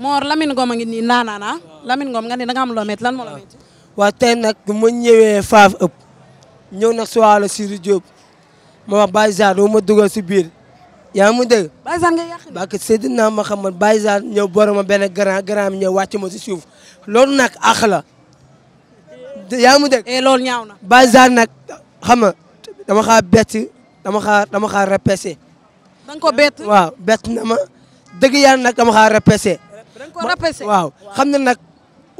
Mor Lamine Ngom a ngi nii ndaanaana Lamine Ngom nga ne da nga am loo métti lan moo la métti. waaw tey nag bu ma ñëwee faaf ëpp ñëw nag si wàllu Sidi Diop ma wax Baye Sarr doo ma dugal si biir yaa mu dégg. Baye Sarr nga yàq nii. parce que Seydina ma xam man Baye Sarr ñëw boroma benn grand grand ñëw wàcc ma si suuf loolu nag àq la yaa mu dégg. eh loolu ñaaw na. Baye Sarr nag xam nga dama xaa bett dama xaa dama xaa repêché. da nga ko bett waaw bett na ma dëgg yàlla nag dama xaa repêché. ko rapacer waaw xam na nag.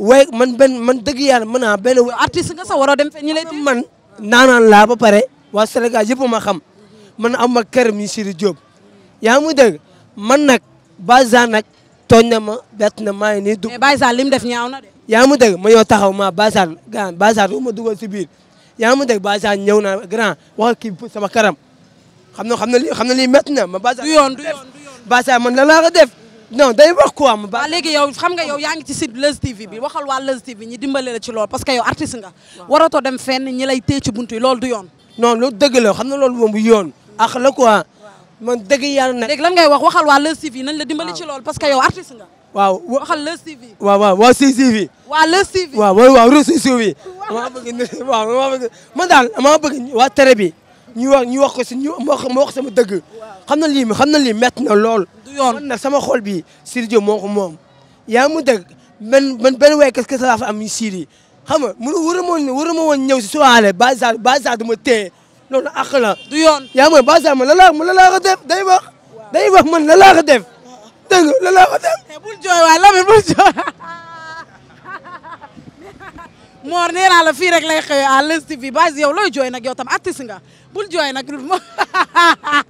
waaye man benn man dëgg yàlla mën naa benn artiste nga sax waroo dem fenn ñu lay man naanaan laa ba pare waa Sénégal yëpp ma xam man am ma kër mi Sidi Diop yaa ngi muy dëgg man nag Bazan nag tooñ na ma bett na maa ngi nii du mais Bazan li mu def ñaaw na yaa ngi muy dëgg ma ñëw taxaw ma Bazan grand Bazan du ma dugal si biir yaa ngi muy dëgg Bazan ñëw na grand wax kii sama karam xam na xam na li xam na lii métti na ma Bazan du yoon du man la laa def non day wax quoi mu baax. waaw léegi yow xam nga yow yaa ngi ci site Leuz TV bi waxal waa Leuz TV ñi dimbale la ci loolu parce que yow artiste nga. waratoo dem fenn ñi lay téye ci buntu yi loolu du yoon. noon loolu dëgg la xam na loolu moom bu yoon. ak la quoi man dëgg yàlla na léegi lan ngay wax waxal waa Leuz TV nañ la dimbali ci lool parce que yow artiste nga. waaw waa Leuz TV. waaw waaw waa Leuz TV. waa waaw waaw bëgg waaw maa bëgg man daal maa bëgg waa tere bi ñu wax ñu wax ko si ñu ma wax sama dëgg. xam na lii xam na lii métti na lool yoon man nag sama xol bi Sidy Diop moo ko moom yaa mu dëgg man benn waay kese kese laa fa am Sidy xam nga mënu wërëm woon wërëm woon ñëw si soirée bazar bazar du ma téye loolu àq la du yoon yaa mooy bazar man la laa man la def day wax day wax man la laa ko def dégg nga la laa ko def bul jooy waay Lamine bul jooy moor nee naa la fii rek lay xëy à Leuz TV bi base yow looy jooy nag yow tam artiste bul jooy nag